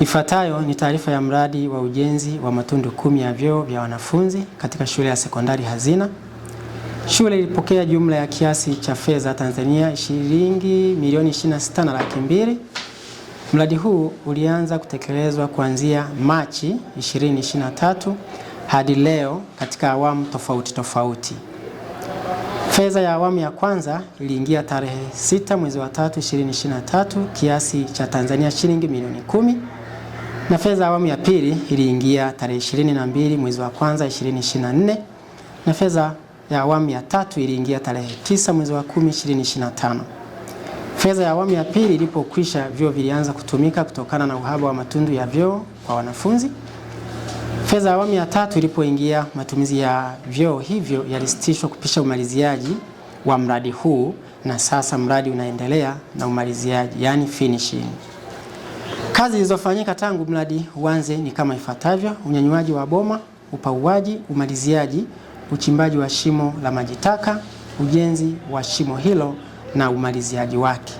Ifuatayo ni taarifa ya mradi wa ujenzi wa matundu kumi ya vyoo vya wanafunzi katika shule ya sekondari Hazina. Shule ilipokea jumla ya kiasi cha fedha Tanzania shilingi milioni 26 na laki mbili. Mradi huu ulianza kutekelezwa kuanzia Machi 2023 hadi leo katika awamu tofauti tofauti. Fedha ya awamu ya kwanza iliingia tarehe 6 mwezi wa 3 2023 kiasi cha Tanzania shilingi milioni kumi na fedha awamu ya pili iliingia tarehe 22 mwezi wa kwanza 2024 na fedha ya awamu ya tatu iliingia tarehe 9 mwezi wa 10 2025. Fedha ya awamu ya pili ilipokwisha, vyoo vilianza kutumika kutokana na uhaba wa matundu ya vyoo kwa wanafunzi. Fedha ya awamu ya tatu ilipoingia, matumizi ya vyoo hivyo yalisitishwa kupisha umaliziaji wa mradi huu, na sasa mradi unaendelea na umaliziaji, yani finishing. Kazi zilizofanyika tangu mradi uanze ni kama ifuatavyo: unyanyuaji wa boma, upauaji, umaliziaji, uchimbaji wa shimo la maji taka, ujenzi wa shimo hilo na umaliziaji wake.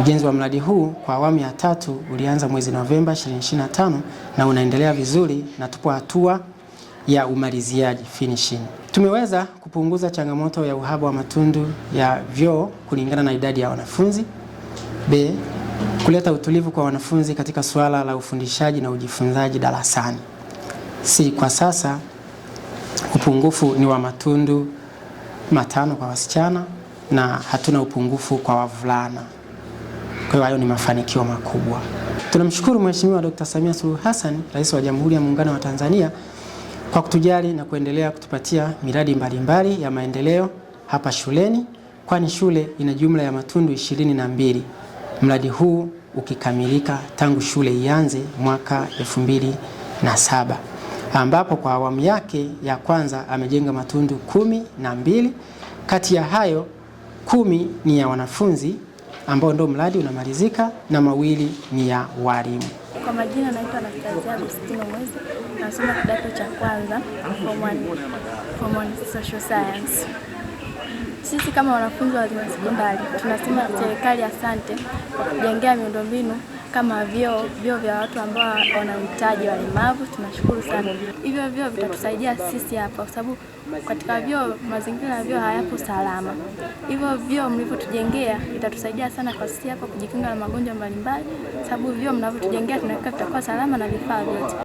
Ujenzi wa mradi huu kwa awamu ya tatu ulianza mwezi Novemba 2025 na unaendelea vizuri na tupo hatua ya umaliziaji finishing. Tumeweza kupunguza changamoto ya uhaba wa matundu ya vyoo kulingana na idadi ya wanafunzi. B, kuleta utulivu kwa wanafunzi katika suala la ufundishaji na ujifunzaji darasani. Si kwa sasa upungufu ni wa matundu matano kwa wasichana na hatuna upungufu kwa wavulana. Kwa hiyo hayo ni mafanikio makubwa. Tunamshukuru Mheshimiwa Dkt. Samia Suluhu Hassan, Rais wa Jamhuri ya Muungano wa Tanzania kwa kutujali na kuendelea kutupatia miradi mbalimbali mbali ya maendeleo hapa shuleni, kwani shule ina jumla ya matundu ishirini na mbili. Mradi huu ukikamilika tangu shule ianze mwaka saba ambapo kwa awamu yake ya kwanza amejenga matundu kumi na mbili. Kati ya hayo kumi ni ya wanafunzi ambao ndio mradi unamalizika na mawili ni ya walimu. Kwa majina naitwa Anastazia Agustino Mwezi, nasoma kidato cha kwanza form one, form one social science. Sisi kama wanafunzi wa Sekondari tunasema serikali asante kwa kujengea miundombinu kama vyoo, vyoo vya watu ambao wana uhitaji walemavu. Tunashukuru sana, hivyo vyoo vitatusaidia sisi hapa, kwa sababu katika vyoo, mazingira ya vyoo hayapo salama. Hivyo vyoo mlivyotujengea itatusaidia sana kwa sisi hapa kujikinga na magonjwa mbalimbali, sababu vyoo mnavyotujengea tunahakika vitakuwa salama na vifaa vyote.